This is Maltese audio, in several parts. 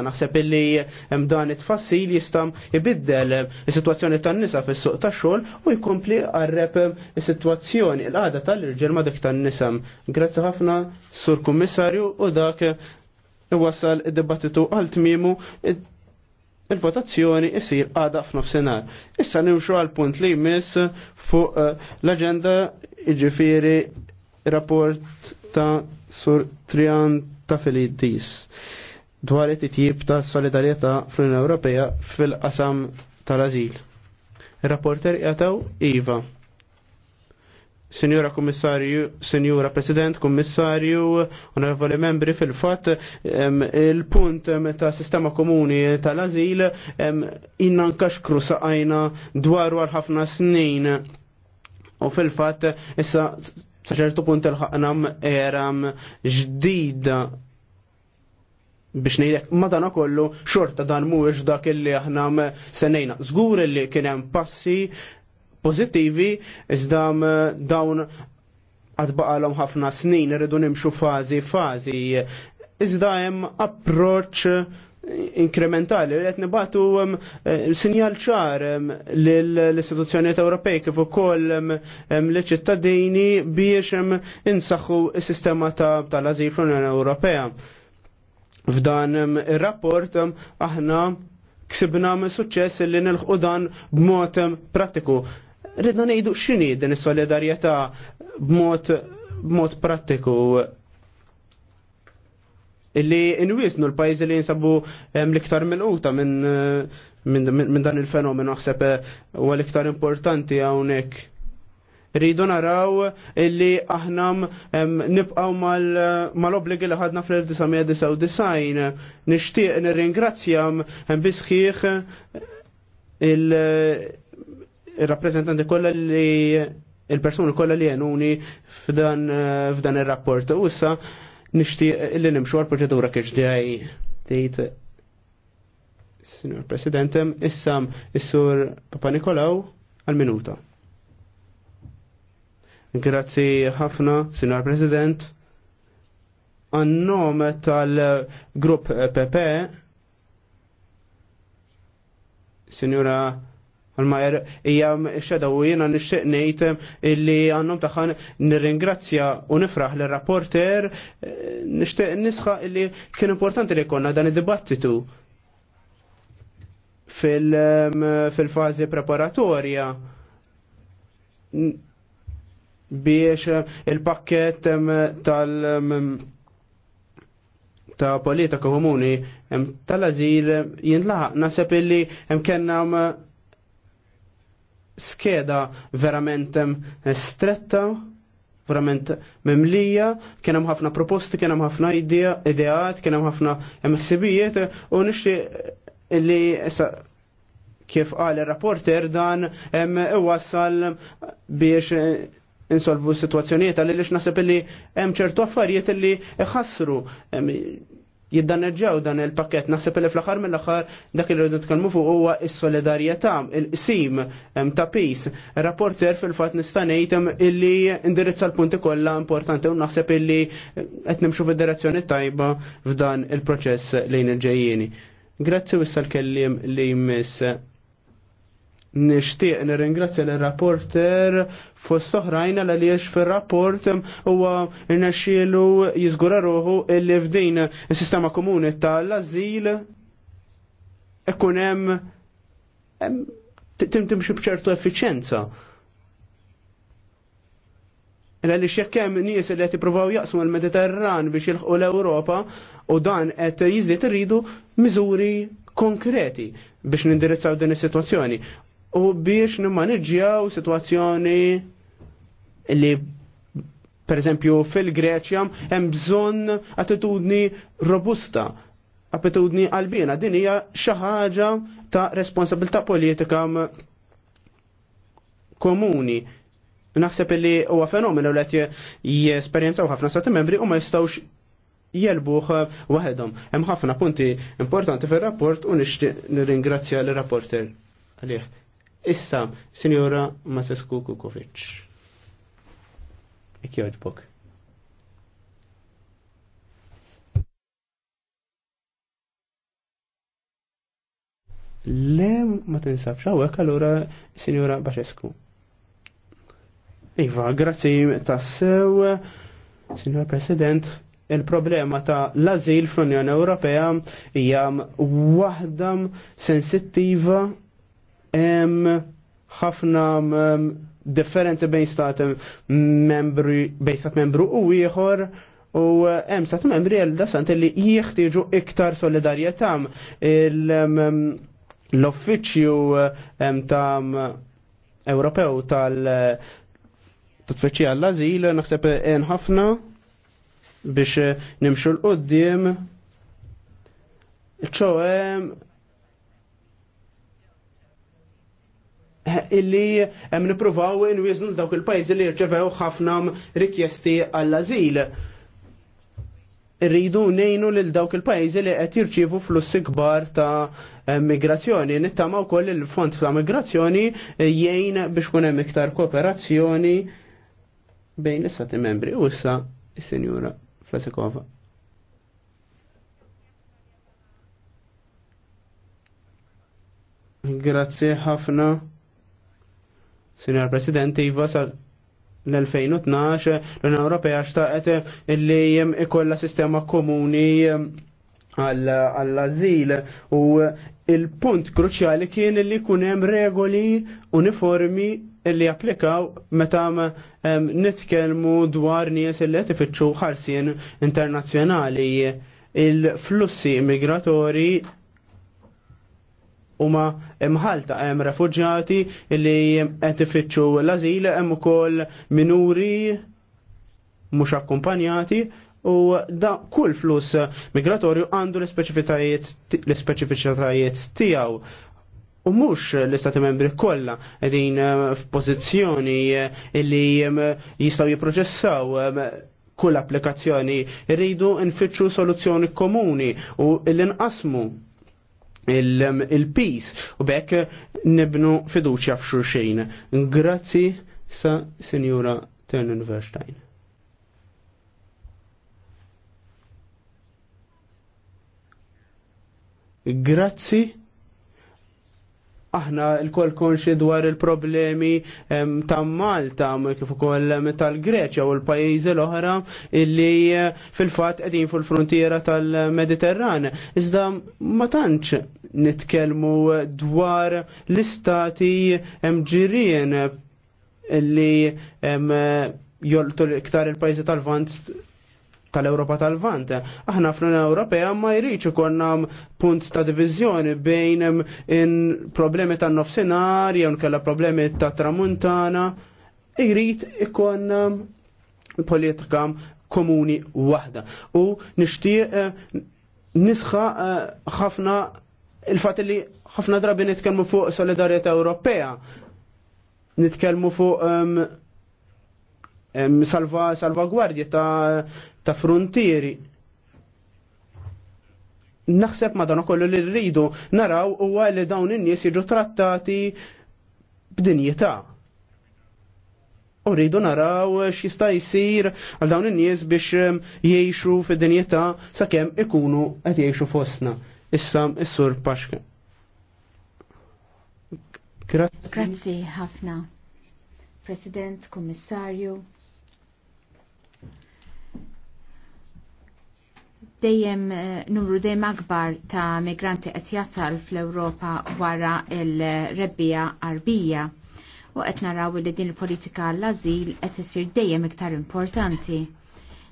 Naħseb illi dan it-fassil jistam ibiddel il-situazzjoni tan-nisa fis-suq tax-xogħol u jkompli qarreb is-sitwazzjoni l-għada tal-irġiel ma dik tan-nisa. Grazzi ħafna sur kummissarju u dak wasal id-dibattitu għal tmiemu il-votazzjoni isir għada f'nofsinhar. Issa nimxu għal punt li jmiss fuq eh, l-aġenda jiġifieri rapport ta' sur Trian ta' Filidis dwar it-tip ta' solidarieta fl-Unjoni Ewropea fil-qasam tal-azil. Il-rapporter jataw Iva. Sinjura Kummissarju, Sinjura President, Kummissarju, onorevoli membri fil-fat, il-punt ta' sistema komuni tal-azil innan kaxkru saqajna dwar għal-ħafna snin. U fil-fat, issa saċertu punt il-ħaqnam eram ġdida biex nejlek madana kollu xorta dan mhuwiex dak illi aħna senejna. Żgur illi kien hemm passi pożittivi iżda dawn għad baqalhom ħafna snin rridu nimxu fażi fażi. Iżda hemm approċċ inkrementali li qed nibatu eh, sinjal ċar l-istituzzjonijiet Ewropej kif ukoll l-ċittadini biex insaħħu s-sistema tal-ażil fl-Unjoni Ewropea F'dan ir-rapport aħna ksibna suċċess li nilħu dan b'mod pratiku. Ridna ngħidu x'inhi din is-solidarjetà b'mod pratiku illi inwisnu l-pajjiżi li jinsabu l-iktar mill eh, minn dan il-fenomenu naħseb eh, huwa l-iktar importanti hawnhekk Rridu naraw illi aħna nibqaw mal-obligi li ħadna fl-1999. Nishtiq nirringrazzjam bisħiħ il-rappresentanti kollha li il-persuni kollha li jenuni f'dan ir-rapport. U issa nixtieq illi nimxu għal-proċedura kiex tgħid Signor President, issam is-sur Papa Nikolaw għal-minuta. Grazzi ħafna, Sinar President. Għannom tal-grupp PP, Signora Almajer, hija xeda u jena nixtieq ngħid illi għandhom taħan nirringrazzja u nifraħ l rapporter nixtieq nisħa illi kien importanti li jkollna dan id-dibattitu fil-fażi preparatorja biex il-pakket tal- ta' politika komuni tal-azil jintlaħaq. Naseb illi kena skeda verament stretta, verament memlija, kien hemm ħafna proposti, kien hemm ħafna ideat, kien hemm ħafna ħsibijiet u nixtieq li kif qal ir-rapporter dan hemm iwassal biex insolvu situazzjonijiet għalli li xnaħseb li hemm ċertu affarijiet li iħassru jiddaneġġaw dan il-pakket. Naħseb li fl-axar mill-axar dak li rridu tkellmu fuq huwa s-solidarjetà, il-qsim ta' peace. Rapporter fil-fatt nista' ngħid illi indirizza l-punti kollha importanti u naħseb illi qed nimxu fid-direzzjoni tajba f'dan il-proċess lejn il-ġejjieni. Grazzi wissal kellim li jmiss nishtiq nirringrazzja l-rapporter fost soħrajna l-għaliex fil-rapport huwa rnexxielu jiżgura ruħu li f'din is-sistema komuni tal-azil ikun hemm timtimxi bċertu effiċenza. Għaliex jekk hemm nies li għati provaw jaqsmu l-Mediterran biex jilħqu l-Ewropa u dan qed jiżdied irridu miżuri konkreti biex nindirizzaw din is-sitwazzjoni u biex nimmaniġġjaw situazzjoni li per eżempju fil-Greċja hemm bżonn attitudni robusta, attitudni qalbina. Din hija xi ħaġa ta' responsabilità politika komuni. Naħseb li huwa fenomenu li qed jesperjenzaw ħafna stati membri u ma jistgħux jelbuħ waħedhom. Hemm ħafna punti importanti fir-rapport u nixtieq nirringrazzja l-rapporter għalih. Issa, Sinjora Masesku Kukovic. Ikki oġbok. Le, ma tinsabx għawek, allura Sinjora Basescu. Iva, grazzi tassew, Signor President, il-problema ta' l-azil fl-Unjoni Ewropea hija waħda sensittiva hemm ħafna mm, differenzi bejn stat membri bejn stat membru u ieħor u eh, hemm stat membri għal dasant li jieħtieġu iktar solidarjetà mm, l-offiċju eh, ta' Ewropew tal eh, tatfeċċija għall-azil naħseb ħafna biex nimxu l-qoddim ċoħem illi eh, nippruvaw nwiżnu dawk il pajjiżi li rċevew ħafna rikjesti għall-azil. Rridu nejnu lil dawk il pajjiżi li qed jirċievu flussi kbar ta' migrazzjoni. Nittama wkoll il-fond ta' migrazzjoni jgħin biex kun hemm iktar kooperazzjoni bejn l-istati membri. U issa is-Sinjura Flasikova. Grazie ħafna. Sinjar President, Iva, l-2012 l-Unjoni Ewropea xtaqet illi ikolla sistema komuni um, għall-azil u il-punt kruċjali kien li jkun hemm regoli uniformi li applikaw meta um, nitkellmu dwar nies li qed ifittxu ħarsien internazzjonali il-flussi migratori huma imħalta hemm refuġjati li qed ifittxu l-azil hemm ukoll minuri mhux akkumpanjati u da kull flus migratorju għandu l speċifiċitajiet tiegħu U mux l-istati membri kolla edin eh, f'pożizzjoni eh, illi eh, jistaw jiproċessaw kull applikazzjoni rridu nfittxu soluzzjoni komuni u l-inqasmu il um, pis u bekk nibnu fiduċja f'xurxejn. Grazzi sa Sinjura Ternenverstein. Grazzi aħna l-koll konxi dwar il-problemi ta' Malta, kif ukoll tal-Greċja u l-pajjiżi l-oħra illi eh, fil-fatt qegħdin fil-frontiera tal-Mediterran. Iżda ma tantx nitkellmu dwar l-istati ġirien illi joltu iktar il-pajjiżi tal-Vant tal-Europa tal-Vant. Aħna fl-Unjoni Ewropea ma jridx hemm punt ta' diviżjoni bejn in problemi tan nofsinhar jew nkella problemi ta' tramuntana. Jrid ikonna um, politika komuni waħda. U nixtieq uh, nisħa uh, ħafna il-fat li ħafna drabi nitkellmu fuq solidarjetà Ewropea. Nitkellmu fuq um, salva salvagwardji ta' ta' frontieri. Naħseb dano kollu li rridu naraw huwa li dawn in-nies jiġu trattati b'dinjetà. U rridu naraw x'jista' jsir għal dawn in-nies biex jgħixu fid dinjetà sakemm ikunu qed jgħixu fostna. Issa s-sur Paxka. Grazzi. Grazzi ħafna. President, Kommissarju, dejjem eh, numru dejjem akbar ta' migranti qed jasal fl-Ewropa wara l-rebbija arbija u qed naraw li din il-politika għall-ażil qed isir dejjem iktar importanti.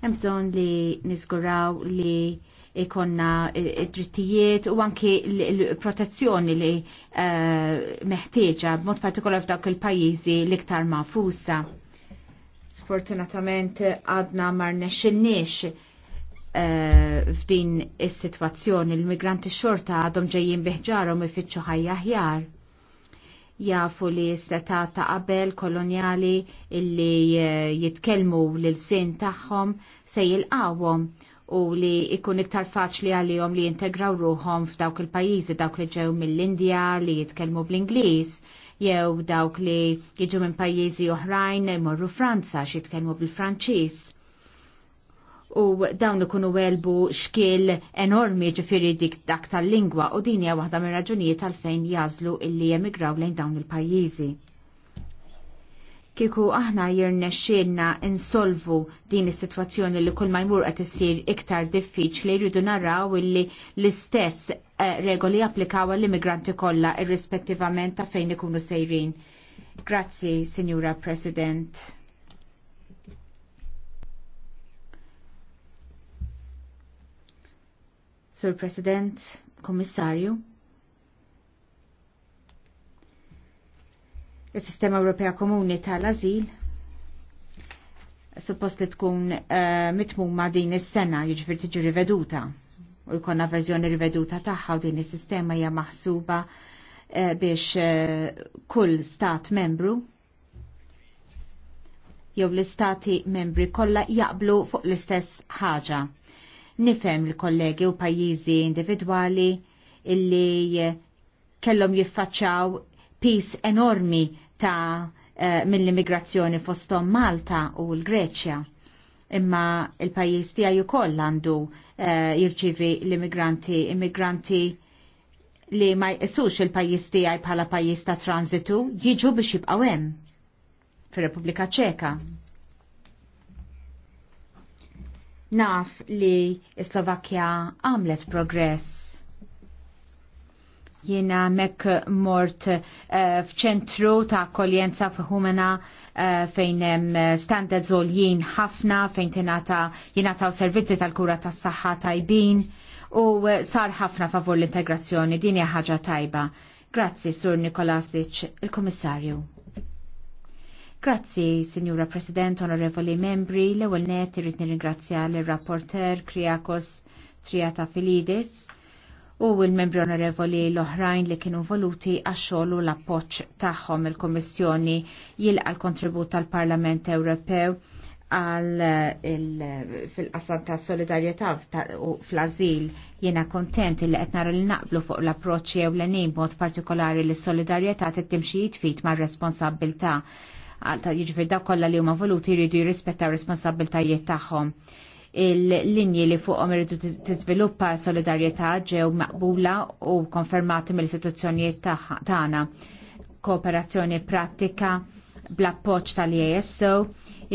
Hemm bżonn li niżguraw li ikonna id-drittijiet eh, u anki l-protezzjoni li eh, meħtieġa b'mod partikolar f'dawk il-pajjiżi l-iktar mafusa. Sfortunatament għadna mar nexxinniex Eh, f'din is-sitwazzjoni l-migranti xorta għadhom ġejjin biħġarhom ifittxu ħajja ħjar. Jafu li s-seta ta' qabel koloniali illi eh, jitkellmu l-sin tagħhom se jilqawhom u li ikun iktar faċli għalihom li jintegraw ruhom f'dawk il-pajjiżi dawk li ġew mill-Indja li jitkellmu bl-Ingliż jew dawk li jiġu minn pajjiżi oħrajn imorru Franza xi jitkellmu bil-Franċiż u dawn ikunu welbu xkiel enormi ġifiri dik dak tal-lingwa u din hija waħda mir raġunijiet għalfejn jażlu illi jemigraw lejn dawn il-pajjiżi. Kieku aħna jirnexxielna insolvu din is-sitwazzjoni li kull ma jmur qed issir iktar diffiċli jridu naraw illi l-istess eh, regoli applikaw għall-immigranti kollha irrispettivament ta' fejn ikunu sejrin. Grazzi, Signora President. Sur President, Kommissarju. Il-Sistema Ewropea Komuni tal-Azil suppost li tkun uh, mitmuma din is-sena jiġifier tiġi riveduta u jkollna verżjoni riveduta tagħha u din is-sistema hija maħsuba uh, biex uh, kull stat membru jew l-istati membri kollha jaqblu fuq l-istess ħaġa Nifem l-kollegi u pajjiżi individwali illi kellhom jiffaċċaw pis enormi ta' eh, mill-immigrazzjoni fostom Malta u l-Greċja. Imma il-pajjiż tiegħi ukoll għandu eh, jirċivi l-immigranti, immigranti li ma jqisux il-pajjiż tiegħi bħala pajjiż ta' transitu jiġu biex jibqgħu hemm fir-Repubblika Ċeka. Naf li Slovakkja għamlet progress. Jiena mek mort uh, f'ċentru ta' akkoljenza f'Humena uh, fejn hemm standards għoljien ħafna fejn tingħata jingħataw servizzi tal-kura tas-saħħa tajbin u eh, sar ħafna favur l-integrazzjoni din hija ħaġa tajba. Grazzi, Sur Nikolasic, il-Komissarju. Grazzi, Signora President, Onorevoli Membri, l ewwel net irrit nirringrazzja l-rapporter Kriakos Triata Filidis u l-membri onorevoli l-oħrajn li kienu voluti għax-xogħol l-appoġġ tagħhom il-Kummissjoni jilqa l-kontribut tal-Parlament Ewropew għal fil-qasam ta' solidarjetà u fl-azil jiena kontent li qed nara li naqblu fuq l-approċċi ewlenin b'mod partikolari li solidarjetà tittimxi jitfit mar responsabilta għal ta' jiġifier dawk kollha li huma voluti jridu jirrispettaw responsabiltajiet tagħhom il-linji li fuqhom irridu tiżviluppa solidarjetà ġew maqbula u konfermati mill-istituzzjonijiet tagħna. Kooperazzjoni pratika bl-appoġġ tal-ESO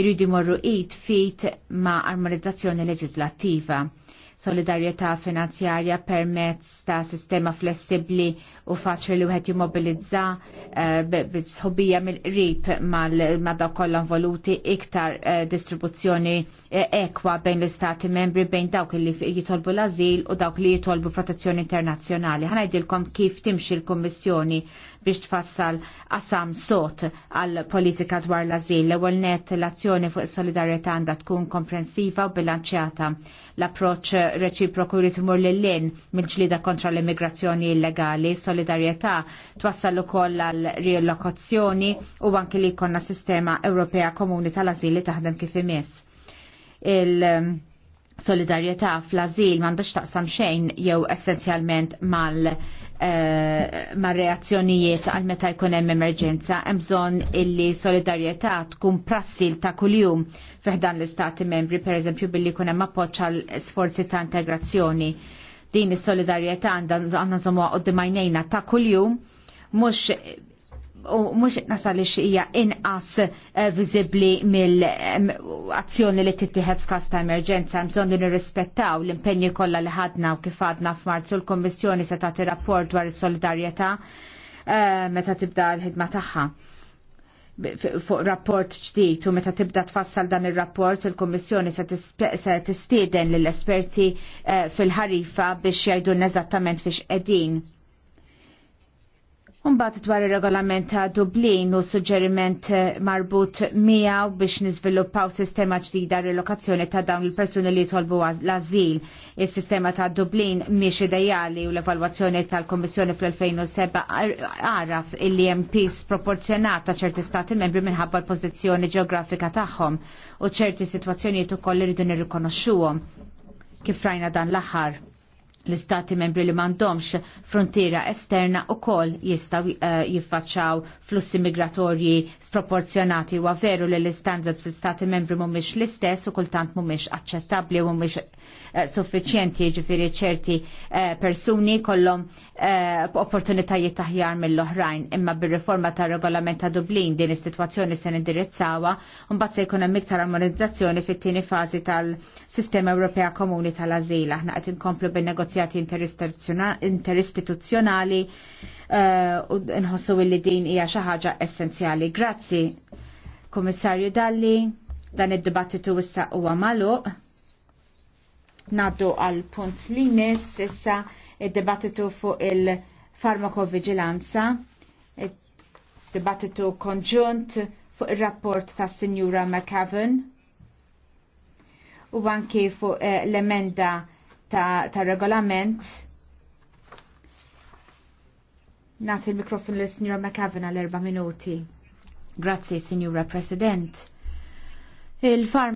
jridu jmorru id fit ma' armonizzazzjoni leġislattiva solidarjetà finanzjarja permezz ta' sistema flessibbli u faċli li wieħed jimmobilizza eh, b'sħobija mill-qrib ma' dawk kollha involuti iktar eh, distribuzzjoni eh, ekwa bejn l-istati membri bejn dawk li jitolbu l-azil u dawk li jitolbu protezzjoni internazzjonali. Ħanajdilkom kif timxi l-Kummissjoni biex tfassal qasam sot għal politika dwar l-azil. L-ewwel net l-azzjoni fuq is-solidarjetà għandha tkun komprensiva u bilanċjata. L-approċċ reċiproku jrid imur lil-lin mill-ġlida kontra l-immigrazzjoni illegali, solidarjetà twassal ukoll għal rilokazzjoni u anki li jkollna sistema Ewropea Komuni tal-Azil li taħdem kif imiss. Il- solidarjetà fl-azil m'għandix taqsam xejn jew essenzjalment mal eh, ma' reazzjonijiet għal meta jkun hemm emerġenza hemm bżonn illi solidarjetà tkun prassi ta' kuljum fiħdan l-istati membri pereżempju billi jkun hemm appoġġ għal sforzi ta' integrazzjoni. Din is-solidarjetà għandna nżommuha qudiem għajnejna ta' kuljum mhux u mux nasal li xija inqas eh, vizibli mill-azzjoni li tittieħed f'każ ta' emerġenza bżonn li nirrispettaw l impenni kollha li ħadna u kif għadna f'Marzu l-Kommissjoni se tagħti rapport dwar is-solidarjetà eh, meta tibda l-ħidma tagħha fuq rapport ġdid u meta tibda tfassal dan ir-rapport il-Kummissjoni se tistieden lill-esperti eh, fil-ħarifa biex n eżattament fiex qegħdin Unbat dwar il-regolament ta' Dublin u suġġeriment eh, marbut miegħu biex niżviluppaw sistema ġdida relokazzjoni ta' dawn il-persuni li jitolbu l-azil. Is-sistema ta' Dublin miex ideali u l-evalwazzjoni tal-Kommissjoni fl-2007 għaraf illi hemm pis proporzjonat ta' ċerti stati membri minħabba l-pożizzjoni ġeografika tagħhom u ċerti sitwazzjonijiet ukoll irridu nirrikonoxxuhom kif rajna dan l-aħħar l-istati membri li mandomx frontiera esterna u kol jistaw uh, jiffaċċaw flussi migratorji sproporzjonati u veru li l istandards fl-istati membri mumiex l-istess u kultant mumiex accettabli u mumiex uh, eh, suffiċjenti ġifiri ċerti eh, persuni kollom opportunitajiet taħjar mill-oħrajn imma bir-riforma ta' regolament ta' Dublin din is-sitwazzjoni se nindirizzawa u mbagħad se jkun hemm iktar armonizzazzjoni fit-tieni fażi tal-Sistema Ewropea Komuni tal-Azil aħna qed inkomplu bin-negozjati negozjati interistituzjonali eh, u nħossu li din hija xi ħaġa essenzjali. Grazzi, Kummissarju Dalli, dan id-dibattitu issa huwa magħluq. Naddu għal punt li limis issa id-dibattitu fuq il-farmakovigilanza, id-dibattitu konġunt fuq ir rapport ta' Sinjura McAvan u anki fuq eh, l-emenda ta', ta regolament Nati il-mikrofon l-Signora McAvena l-erba minuti. Grazie, Signora President. Il-farm